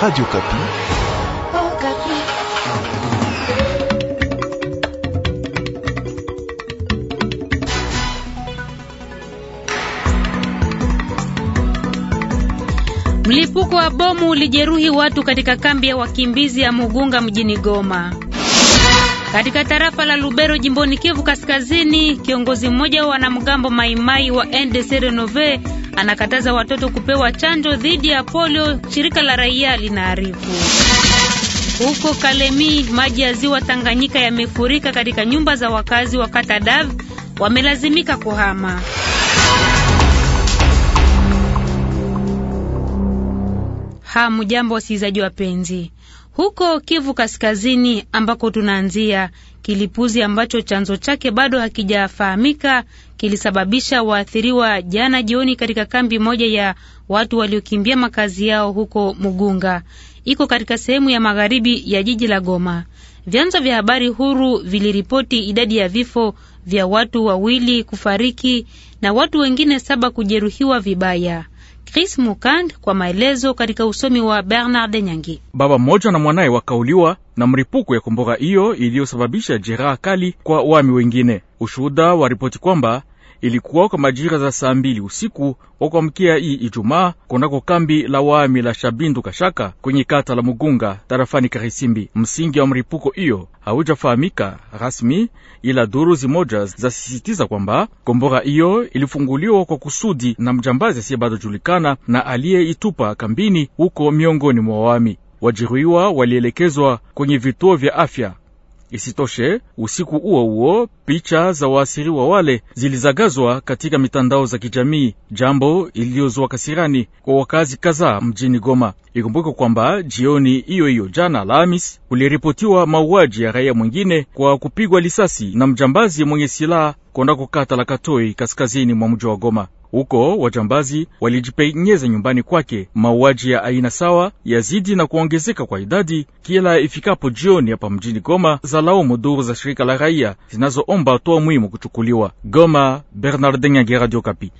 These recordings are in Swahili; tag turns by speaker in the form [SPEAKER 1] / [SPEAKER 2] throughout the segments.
[SPEAKER 1] Radio Kapi. Oh,
[SPEAKER 2] Kapi.
[SPEAKER 3] Mlipuko wa bomu ulijeruhi watu katika kambi ya wakimbizi ya Mugunga mjini Goma. Katika tarafa la Lubero jimboni Kivu Kaskazini, kiongozi mmoja wa wanamgambo Maimai wa NDC Renove anakataza watoto kupewa chanjo dhidi ya polio, shirika la raia linaarifu. Huko Kalemi, maji ya ziwa Tanganyika yamefurika katika nyumba za wakazi wa Katadav, wamelazimika kuhama. Hamjambo wasikilizaji wapenzi huko Kivu Kaskazini ambako tunaanzia. Kilipuzi ambacho chanzo chake bado hakijafahamika kilisababisha waathiriwa jana jioni katika kambi moja ya watu waliokimbia makazi yao huko Mugunga, iko katika sehemu ya magharibi ya jiji la Goma. Vyanzo vya habari huru viliripoti idadi ya vifo vya watu wawili kufariki na watu wengine saba kujeruhiwa vibaya. Chris Mukand kwa maelezo katika usomi wa Bernard Nyangi.
[SPEAKER 4] Baba mmoja na mwanaye wakauliwa na mripuko ya kombora hiyo iliyosababisha jeraha kali kwa wami wengine. Ushuhuda wa ripoti kwamba ilikuwa kwa majira za saa mbili usiku wa kuamkia hii Ijumaa kunako kambi la waami la Shabindu Kashaka kwenye kata la Mugunga tarafani Karisimbi. Msingi wa mripuko hiyo haujafahamika rasmi, ila duru zimoja zasisitiza kwamba kombora hiyo ilifunguliwa kwa kusudi na mjambazi asiye bado julikana na aliyeitupa kambini huko miongoni mwa waami. Wajeruhiwa walielekezwa kwenye vituo vya afya Isitoshe, usiku huo huo picha za waasiriwa wale zilizagazwa katika mitandao za kijamii, jambo iliyozua kasirani kwa wakazi kadhaa mjini Goma. Ikumbuke kwamba jioni hiyo hiyo jana Alhamis kuliripotiwa mauaji ya raia mwingine kwa kupigwa risasi na mjambazi mwenye silaha kondako kata la Katoi, kaskazini mwa mji wa Goma. Huko wajambazi walijipenyeza nyumbani kwake. Mauaji ya aina sawa yazidi na kuongezeka kwa idadi kila ifikapo jioni hapa mjini Goma, za laumu duru za shirika la raia zinazoomba hatua muhimu kuchukuliwa. Goma, Bernard Nyange, Radio Kapi.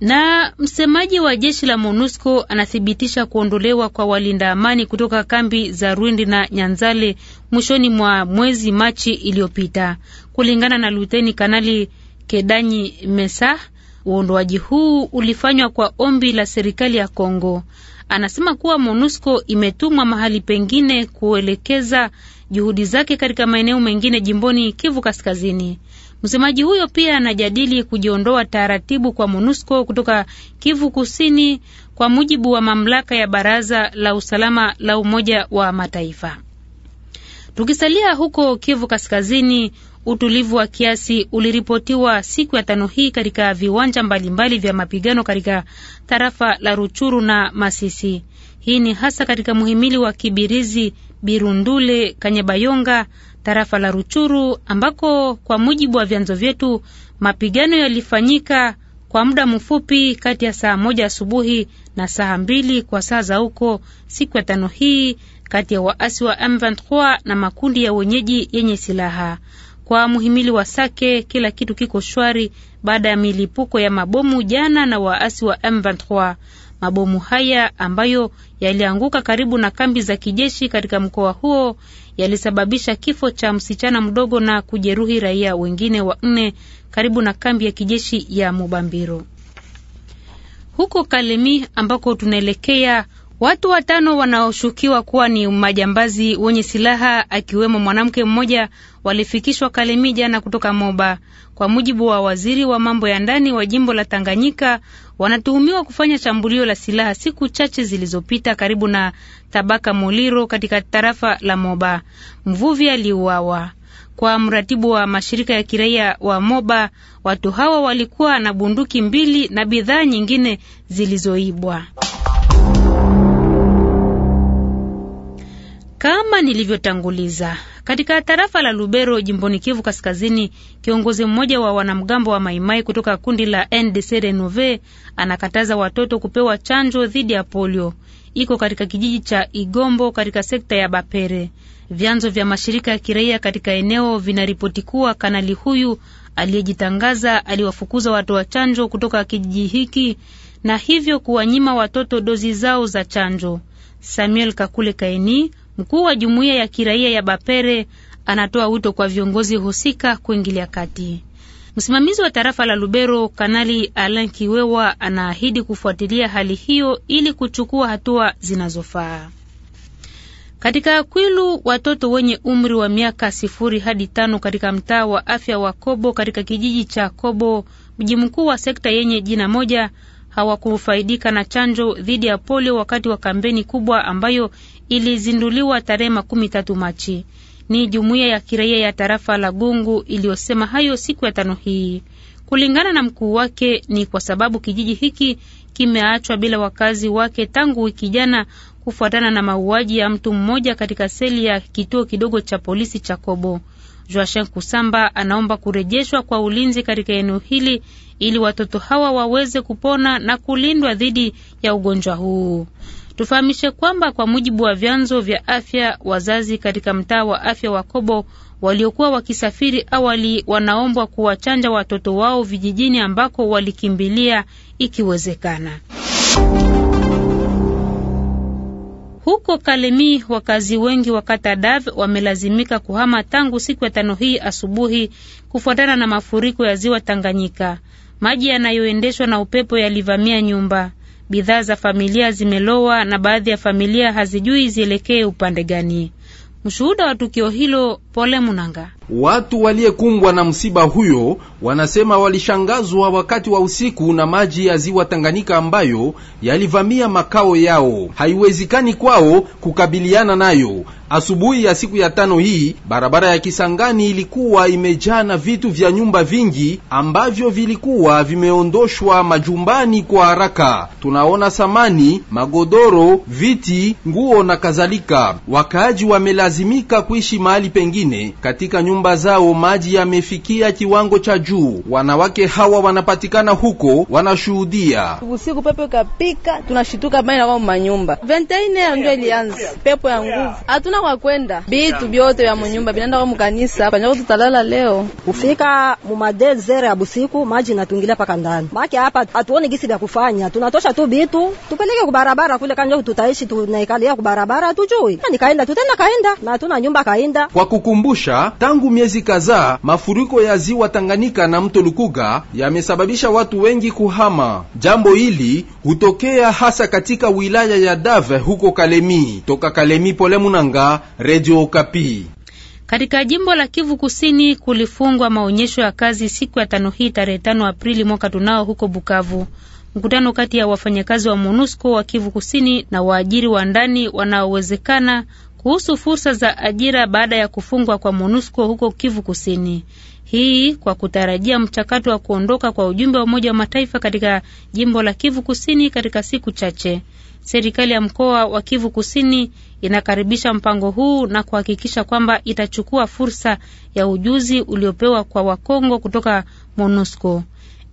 [SPEAKER 3] Na msemaji wa jeshi la MONUSCO anathibitisha kuondolewa kwa walinda amani kutoka kambi za Rwindi na Nyanzale mwishoni mwa mwezi Machi iliyopita, kulingana na Luteni Kanali Kedanyi Mesa. Uondoaji huu ulifanywa kwa ombi la serikali ya Kongo. Anasema kuwa MONUSCO imetumwa mahali pengine kuelekeza juhudi zake katika maeneo mengine jimboni Kivu Kaskazini. Msemaji huyo pia anajadili kujiondoa taratibu kwa MONUSCO kutoka Kivu Kusini kwa mujibu wa mamlaka ya Baraza la Usalama la Umoja wa Mataifa. Tukisalia huko Kivu Kaskazini, Utulivu wa kiasi uliripotiwa siku ya tano hii katika viwanja mbalimbali vya mapigano katika tarafa la Ruchuru na Masisi. Hii ni hasa katika muhimili wa Kibirizi, Birundule, Kanyabayonga, tarafa la Ruchuru, ambako kwa mujibu wa vyanzo vyetu mapigano yalifanyika kwa muda mfupi kati ya saa moja asubuhi na saa mbili kwa saa za huko siku ya tano hii kati ya waasi wa M23 na makundi ya wenyeji yenye silaha. Kwa muhimili wa Sake, kila kitu kiko shwari baada ya milipuko ya mabomu jana na waasi wa M23. Mabomu haya ambayo yalianguka karibu na kambi za kijeshi katika mkoa huo yalisababisha kifo cha msichana mdogo na kujeruhi raia wengine wa nne karibu na kambi ya kijeshi ya Mubambiro. Huko Kalemi ambako tunaelekea Watu watano wanaoshukiwa kuwa ni majambazi wenye silaha akiwemo mwanamke mmoja walifikishwa Kalemi jana kutoka Moba. Kwa mujibu wa waziri wa mambo ya ndani wa jimbo la Tanganyika, wanatuhumiwa kufanya shambulio la silaha siku chache zilizopita karibu na tabaka Moliro katika tarafa la Moba. Mvuvi aliuawa. Kwa mratibu wa mashirika ya kiraia wa Moba, watu hawa walikuwa na bunduki mbili na bidhaa nyingine zilizoibwa. Kama nilivyotanguliza katika tarafa la Lubero jimboni Kivu Kaskazini, kiongozi mmoja wa wanamgambo wa Maimai kutoka kundi la NDC Renove anakataza watoto kupewa chanjo dhidi ya polio. Iko katika kijiji cha Igombo katika sekta ya Bapere. Vyanzo vya mashirika ya kiraia katika eneo vinaripoti kuwa kanali huyu aliyejitangaza aliwafukuza watoa chanjo kutoka kijiji hiki na hivyo kuwanyima watoto dozi zao za chanjo. Samuel Kakule Kaini Mkuu wa jumuiya ya kiraia ya Bapere anatoa wito kwa viongozi husika kuingilia kati. Msimamizi wa tarafa la Lubero, Kanali Alain Kiwewa, anaahidi kufuatilia hali hiyo ili kuchukua hatua zinazofaa. Katika Kwilu, watoto wenye umri wa miaka sifuri hadi tano katika mtaa wa afya wa Kobo katika kijiji cha Kobo, mji mkuu wa sekta yenye jina moja, hawakufaidika na chanjo dhidi ya polio wakati wa kampeni kubwa ambayo ilizinduliwa tarehe makumi tatu Machi. Ni jumuiya ya kiraia ya tarafa la Gungu iliyosema hayo siku ya tano hii. Kulingana na mkuu wake, ni kwa sababu kijiji hiki kimeachwa bila wakazi wake tangu wiki jana kufuatana na mauaji ya mtu mmoja katika seli ya kituo kidogo cha polisi cha Kobo. Joachim Kusamba anaomba kurejeshwa kwa ulinzi katika eneo hili ili watoto hawa waweze kupona na kulindwa dhidi ya ugonjwa huu. Tufahamishe kwamba kwa mujibu wa vyanzo vya afya, wazazi katika mtaa wa afya wa Kobo waliokuwa wakisafiri awali wanaombwa kuwachanja watoto wao vijijini ambako walikimbilia ikiwezekana. Huko Kalemi wakazi wengi wa Katadav wamelazimika kuhama tangu siku ya tano hii asubuhi kufuatana na mafuriko ya ziwa Tanganyika. Maji yanayoendeshwa na upepo yalivamia nyumba bidhaa za familia zimelowa na baadhi ya familia hazijui zielekee upande gani. Mshuhuda wa tukio hilo Pole Munanga
[SPEAKER 5] Watu waliyekumbwa na msiba huyo wanasema walishangazwa wakati wa usiku na maji ya ziwa Tanganyika ambayo yalivamia makao yao. Haiwezekani kwao kukabiliana nayo. Asubuhi ya siku ya tano hii, barabara ya Kisangani ilikuwa imejaa na vitu vya nyumba vingi ambavyo vilikuwa vimeondoshwa majumbani kwa haraka. Tunaona samani, magodoro, viti, nguo na kadhalika. Wakaaji wamelazimika kuishi mahali pengine katika nyumba nyumba zao maji yamefikia kiwango cha juu. Wanawake hawa wanapatikana huko wanashuhudia
[SPEAKER 6] usiku, pepo kapika, tunashituka maji na manyumba ventaine ndio ilianza pepo ya nguvu, hatuna kwa kwenda, bitu byote vya munyumba binaenda kwa mkanisa panjako, tutalala leo kufika mumadezere ya busiku, maji natungilia paka ndani make hapa, hatuoni gisi vya kufanya, tunatosha tu bitu tupeleke kubarabara kule kanjo tutaishi tunaikalia kubarabara, tujui nikaenda tutaenda kaenda na hatuna nyumba kaenda
[SPEAKER 5] kwa kukumbusha tangu tangu miezi kadhaa mafuriko ya ziwa Tanganyika na mto Lukuga yamesababisha watu wengi kuhama. Jambo hili hutokea hasa katika wilaya ya Dave huko Kalemi. Toka Kalemi, Pole Munanga, Radio Okapi.
[SPEAKER 3] Katika jimbo la Kivu Kusini kulifungwa maonyesho ya kazi siku ya tano hii tarehe tano Aprili mwaka tunao huko Bukavu. Mkutano kati ya wafanyakazi wa MONUSCO wa Kivu Kusini na waajiri wa ndani wanaowezekana kuhusu fursa za ajira baada ya kufungwa kwa MONUSCO huko Kivu Kusini. Hii kwa kutarajia mchakato wa kuondoka kwa ujumbe wa Umoja wa Mataifa katika jimbo la Kivu Kusini katika siku chache. Serikali ya mkoa wa Kivu Kusini inakaribisha mpango huu na kuhakikisha kwamba itachukua fursa ya ujuzi uliopewa kwa Wakongo kutoka MONUSCO.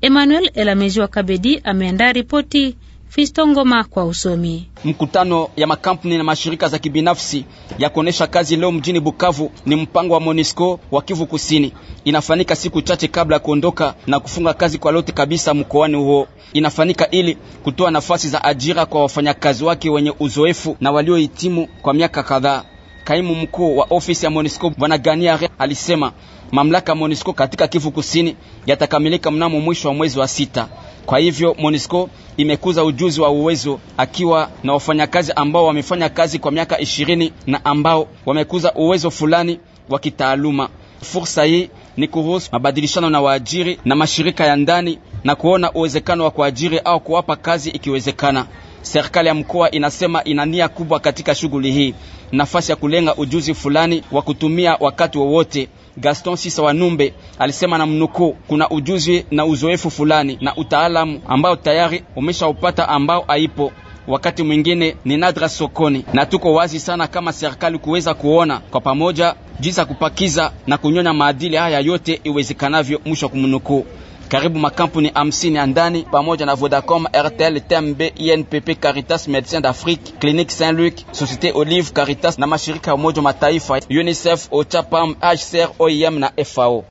[SPEAKER 3] Emmanuel Elamejiwa Kabedi ameandaa ripoti Fisto Ngoma kwa usomi.
[SPEAKER 2] Mkutano ya makampuni na mashirika za kibinafsi ya kuonesha kazi leo mjini Bukavu ni mpango wa Monisco wa Kivu Kusini, inafanyika siku chache kabla ya kuondoka na kufunga kazi kwa lote kabisa mkoani huo. Inafanyika ili kutoa nafasi za ajira kwa wafanyakazi wake wenye uzoefu na waliohitimu kwa miaka kadhaa. Kaimu mkuu wa ofisi ya Monisco Bwana Ganiare alisema mamlaka ya Monisco katika Kivu Kusini yatakamilika mnamo mwisho wa mwezi wa sita. Kwa hivyo Monisco imekuza ujuzi wa uwezo akiwa na wafanyakazi ambao wamefanya kazi kwa miaka ishirini na ambao wamekuza uwezo fulani wa kitaaluma. Fursa hii ni kuhusu mabadilishano na waajiri na mashirika ya ndani na kuona uwezekano wa kuajiri au kuwapa kazi ikiwezekana. Serikali ya mkoa inasema ina nia kubwa katika shughuli hii, nafasi ya kulenga ujuzi fulani wa kutumia wakati wowote wa Gaston Sisa wa numbe alisema na mnukuu, kuna ujuzi na uzoefu fulani na utaalamu ambao tayari umeshaupata ambao haipo wakati mwingine ni nadra sokoni, na tuko wazi sana kama serikali kuweza kuona kwa pamoja jinsi ya kupakiza na kunyonya maadili haya yote iwezekanavyo. Mwisho wa kumnukuu. Karibu makampuni hamsini ya ndani pamoja na Vodacom, RTL, TMB, INPP, e Caritas, Medecins d'Afrique, Clinique Saint-Luc, Société Olive, Caritas na mashirika ya Umoja wa Mataifa, UNICEF, OCHAPAM, HCR, OIM na FAO.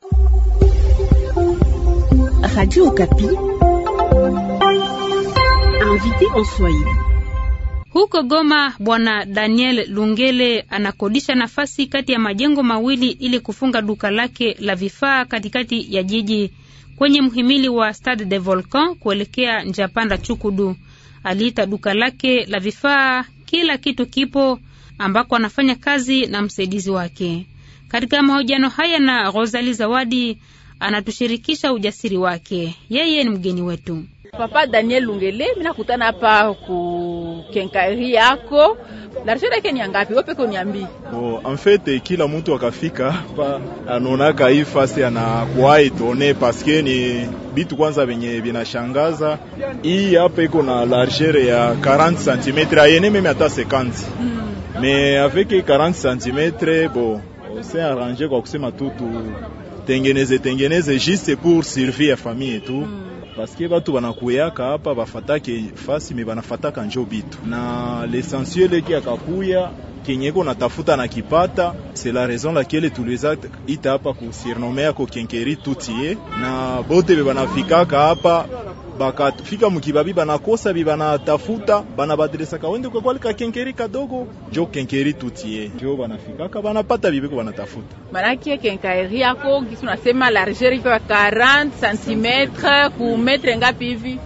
[SPEAKER 3] Radio Okapi. Invité en Swahili. Huko Goma bwana Daniel Lungele anakodisha nafasi kati ya majengo mawili ili kufunga duka lake la vifaa katikati ya jiji kwenye mhimili wa Stade de Volcan kuelekea Njapanda Chukudu. Aliita duka lake la vifaa kila kitu kipo, ambako anafanya kazi na msaidizi wake. Katika mahojiano haya na Rosali Zawadi, anatushirikisha ujasiri wake. Yeye ni mgeni wetu
[SPEAKER 6] Papa Daniel Lungele, minakutana hapa ku kukenkairi yako largeur yake ni angapi? Wewe peke uniambie.
[SPEAKER 1] Oh, en fait kila mtu akafika pa anaonaka hii fasi anakuwa itone paske ni bitu kwanza venye vinashangaza. Hii hapa iko na largeur ya 40 cm ayene meme hata 50 mm. Me avec 40 cm bo c'est arrangé kwa kusema tu tutengeneze tengeneze juste pour servir ya famille tu mm paske batu banakuyaka hapa bafatake fasi me banafataka njo bitu na lesensiele eke akakuya kenyeko natafuta na kipata. C'est la raison laquelle tuliweza ita hapa surnommer ko kenkeri tutie na bote be bebanafikaka hapa bakafika mukibabi banakosa bibanatafuta banabadilisaka wende kwa kwali ka kenkeri kadogo jo kenkeri tutie jo banafikaka banapata bibiko banatafuta
[SPEAKER 6] manake kenkeri yako kisu nasema largeur iko 40 cm ku metre ngapi hivi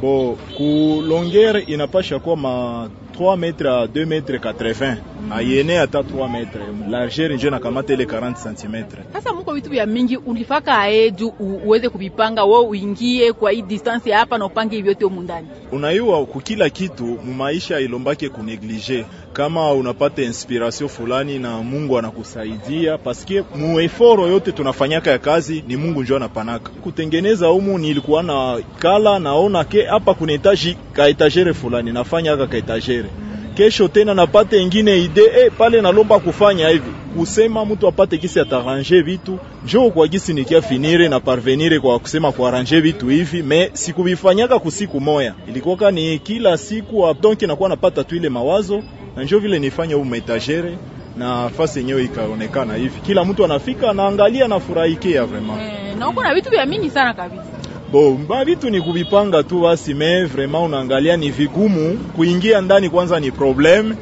[SPEAKER 1] bo ku longueur inapasha kwa ma 3 mètres à 2 mètres 80 ayene hata 3 mètres largeur njo nakamata ile 40 cm.
[SPEAKER 6] Sasa muko vitu vya mingi ulifaka edu uweze kuvipanga wewe, uingie kwa hii distance hapa na upange vyote huko ndani.
[SPEAKER 1] Unaiwa kukila kitu mu maisha ilombake kuneglige kama unapata inspiration fulani na Mungu anakusaidia, paske mueforo yote tunafanyaka ya kazi ni Mungu njo anapanaka kutengeneza. humu. nilikuwa na kala naona ke hapa kuna etaji ka etagere fulani nafanya haka ka etagere, kesho tena napate ingine ide eh, pale nalomba kufanya hivi kusema mtu apate kisi ataranje vitu njo kwa gisi nikia finire na parvenire kwa kusema kwa kuaranje vitu hivi, me sikuvifanyaka kusiku moya, ilikuwa ni kila siku. Ah, donc nakuwa napata tu ile mawazo na njoo vile nifanya huu metagere na fasi yenyewe ikaonekana hivi, kila mtu anafika anaangalia, furahikia vraiment eh,
[SPEAKER 6] na huko na vitu vya mingi sana kabisa.
[SPEAKER 1] Bo, ba vitu ni kuvipanga tu basi, me vraiment unaangalia ni vigumu kuingia ndani, kwanza ni probleme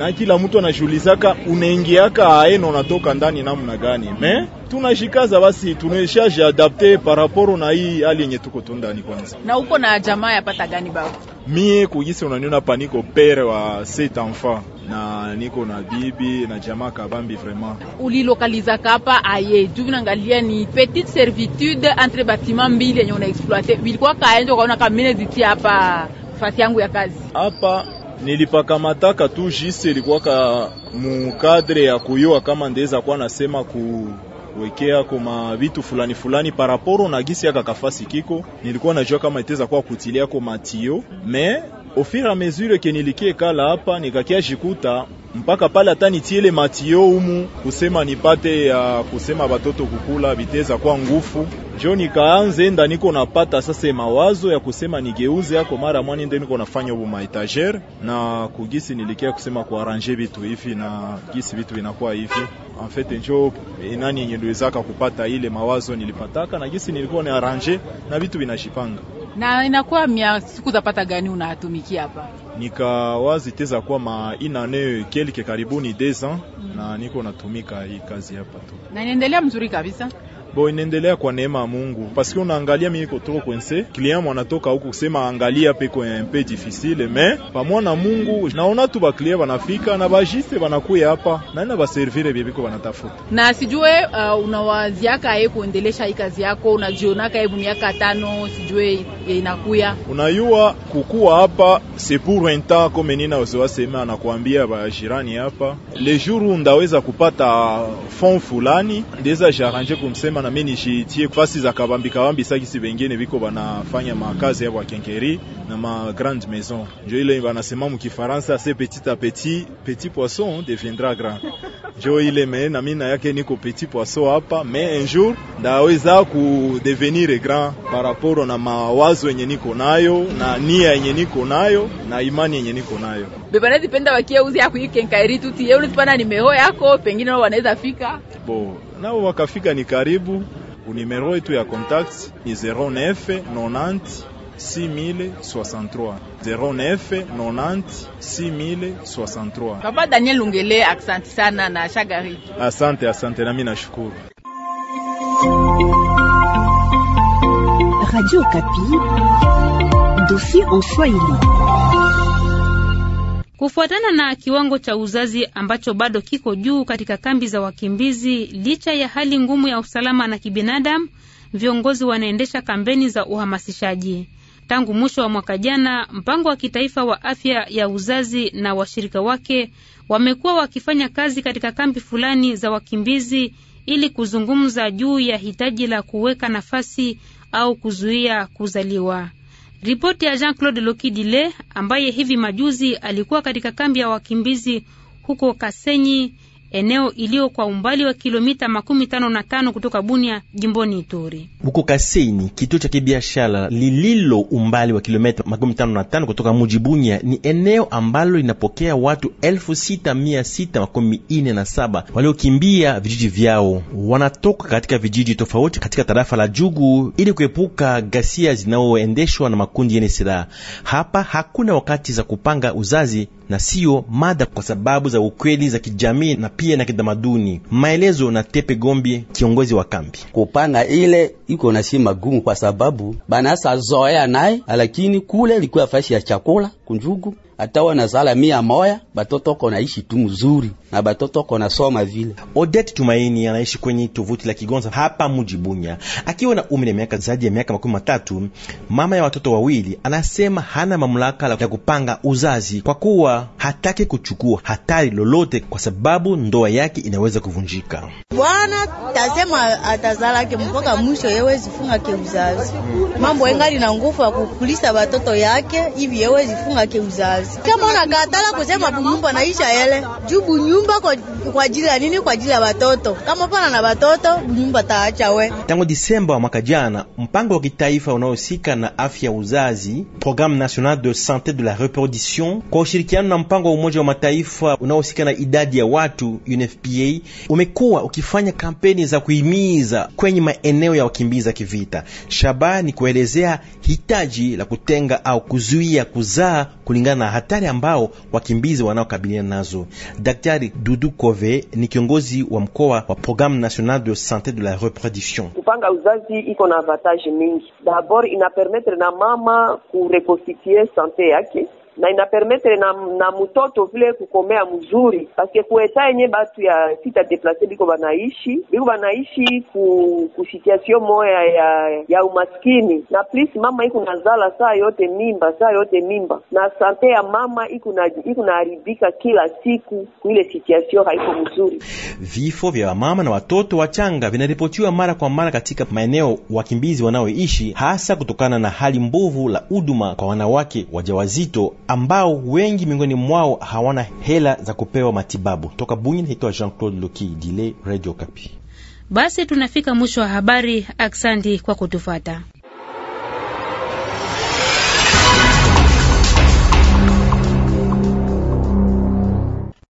[SPEAKER 1] na kila mtu anashughulisaka, unaingiaka aena unatoka ndani namna gani? Me tunashikaza basi, tunaishaje adapte paraporo na hii hali yenye tuko tu ndani kwanza.
[SPEAKER 6] Na uko na jamaa yapata gani baba?
[SPEAKER 1] Mie kugisi unaniona pa niko pere wa set enfant na niko na bibi na jamaa kabambi. Vraiment
[SPEAKER 6] ulilokaliza kapa aye juu nangalia ni petite servitude entre batiment mbili yenye una exploiter bilikuwa kaenjo kamine ziti hapa fasi yangu ya kazi
[SPEAKER 1] hapa nilipakamataka tu jisi ilikuwaka mukadre ya kuyua kama ndeza kwa nasema ku wekea kuma vitu fulani fulani paraporo na gisi yaka kafasi kiko, nilikuwa najua kama iteza kwa kutilia koma tio me ofira mesure ke nilikie kala hapa nikakia jikuta mpaka pale hata nitiele matio umu kusema nipate ya kusema batoto kukula viteza kwa ngufu njo nikaanze enda niko napata sasa mawazo ya kusema nigeuze yako mara mwani, ndio niko nafanya ubu maetagere na kugisi nilikia kusema kuaranje vitu hivi na gisi vitu vinakuwa hivi anfete, njo inani e, yenye niwezaka kupata ile mawazo nilipataka na gisi nilikuwa ni aranje na vitu vinashipanga
[SPEAKER 6] na inakuwa mia siku zapata gani unatumikia
[SPEAKER 1] hapa? teza kuwa ma inane kelke karibuni deza, mm na niko natumika hii kazi hapa tu
[SPEAKER 6] na inaendelea mzuri kabisa
[SPEAKER 1] bo inaendelea kwa neema ya Mungu, paske unaangalia mimi toko kwense client mwanatoka huko kusema angalia peko un peu difficile mais pamwa na Mungu naona tu ba client banafika na bajiste banakuya hapa na na baservire bie biko banatafuta
[SPEAKER 6] na sijue. Uh, unawaziaka yeye kuendelesha hii kazi yako, unajionaka yeye miaka tano sijue inakuya
[SPEAKER 1] unayua kukua hapa c'est pour un temps comme nina usiwa sema anakuambia ba jirani hapa le jour ndaweza kupata fond fulani ndeza jaranje kumsema kama na mimi nishitie fasi za kabambi kabambi saki si wengine viko wanafanya makazi ya wakenkeri na ma grand maison, njo ile vanasema mukifaransa se petit a petit, petit poisson deviendra grand. Njo ile me na mimi na yake niko petit poisson hapa, me un jour ndaweza devenir grand par rapport na mawazo yenye niko nayo na nia yenye niko nayo na imani yenye niko nayo
[SPEAKER 6] bebanazipenda wakia uzi yako ikenkaeri tuti ni meho yako pengine wanaweza fika
[SPEAKER 1] bo nao wakafika ni karibu. Unimero yetu ya contact ni 09 90 6063 09 90 6063.
[SPEAKER 6] Baba Daniel Lungele, asante sana na shagari.
[SPEAKER 1] Asante, asante nami nashukuru.
[SPEAKER 3] Radio Kapi, dossier en Swahili. Kufuatana na kiwango cha uzazi ambacho bado kiko juu katika kambi za wakimbizi, licha ya hali ngumu ya usalama na kibinadamu, viongozi wanaendesha kampeni za uhamasishaji. Tangu mwisho wa mwaka jana, mpango wa kitaifa wa afya ya uzazi na washirika wake wamekuwa wakifanya kazi katika kambi fulani za wakimbizi ili kuzungumza juu ya hitaji la kuweka nafasi au kuzuia kuzaliwa. Ripoti ya Jean-Claude Lokidile ambaye hivi majuzi alikuwa katika kambi ya wakimbizi huko Kasenyi eneo iliyo kwa umbali wa kilomita makumi tano na tano kutoka Bunia, jimboni Ituri.
[SPEAKER 7] Huko Kaseini, kituo cha kibiashara lililo umbali wa kilomita makumi tano na tano kutoka muji Bunia, ni eneo ambalo linapokea watu elfu sita mia sita makumi ine na saba waliokimbia vijiji vyao. Wanatoka katika vijiji tofauti katika tarafa la Jugu ili kuepuka ghasia zinazoendeshwa na makundi yenye silaha. Hapa hakuna wakati za kupanga uzazi na siyo mada kwa sababu za ukweli za kijamii na pia na kitamaduni. Maelezo na Tepe Gombi, kiongozi
[SPEAKER 2] wa kambi. Kupana ile iko na si magumu, kwa sababu banasa zoea naye, lakini kule likuwa fashi ya chakula kunjugu hata wanazala mia moya batoto ko naishi tu mzuri na batoto ko nasoma vile. Odette Tumaini anaishi kwenye tovuti la
[SPEAKER 7] Kigonza hapa Mujibunya, akiwa na umri ya miaka zaidi ya miaka makumi matatu. Mama ya watoto wawili anasema hana mamlaka ya kupanga uzazi kwa kuwa hataki kuchukua hatari lolote, kwa sababu ndoa yake inaweza kuvunjika.
[SPEAKER 6] Bwana tasema atazalake mpaka mwisho, yewe zifunga ke uzazi, mambo engali na nguvu ya kukulisa
[SPEAKER 3] watoto yake hivi, yewe zifunga ke uzazi. Kama unakatala kusema bunyumba naisha yele juu bunyumba kwa, kwa ajili ya nini? Kwa ajili ya watoto, kama pana na watoto bunyumba taacha we.
[SPEAKER 7] Tangu Disemba mwaka jana, mpango wa kitaifa unaohusika na afya ya uzazi, Programme national de Santé de la Reproduction, kwa ushirikiano na mpango wa Umoja wa Mataifa unaohusika na idadi ya watu UNFPA umekuwa ukifanya kampeni za kuhimiza kwenye maeneo ya wakimbiza kivita. Shabaha ni kuelezea hitaji la kutenga au kuzuia kuzaa kulingana na hatari ambao wakimbizi wanaokabiliana nazo. Daktari Dudu Kove ni kiongozi wa mkoa wa Programme Nationale de Santé de la Reproduction.
[SPEAKER 6] Kupanga uzazi iko na avantage mingi, dabord inapermetre na mama kurekonstitue sante yake na inapermetre na, na mtoto vile kukomea mzuri paske kueta yenye batu ya sita deplase biko banaishi biko banaishi ku, ku situation moya ya ya umaskini na plis mama iko nazala saa yote mimba saa yote mimba na sante ya mama iko naharibika kila siku, kuile situation haiko mzuri.
[SPEAKER 7] Vifo vya mama na watoto wachanga vinaripotiwa mara kwa mara katika maeneo wakimbizi wanaoishi, hasa kutokana na hali mbovu la huduma kwa wanawake wajawazito ambao wengi miongoni mwao hawana hela za kupewa matibabu. Toka Bunyi, naitwa Jean-Claude Loki Dile, Radio Kapi.
[SPEAKER 3] Basi tunafika mwisho wa habari. Aksandi kwa kutufata.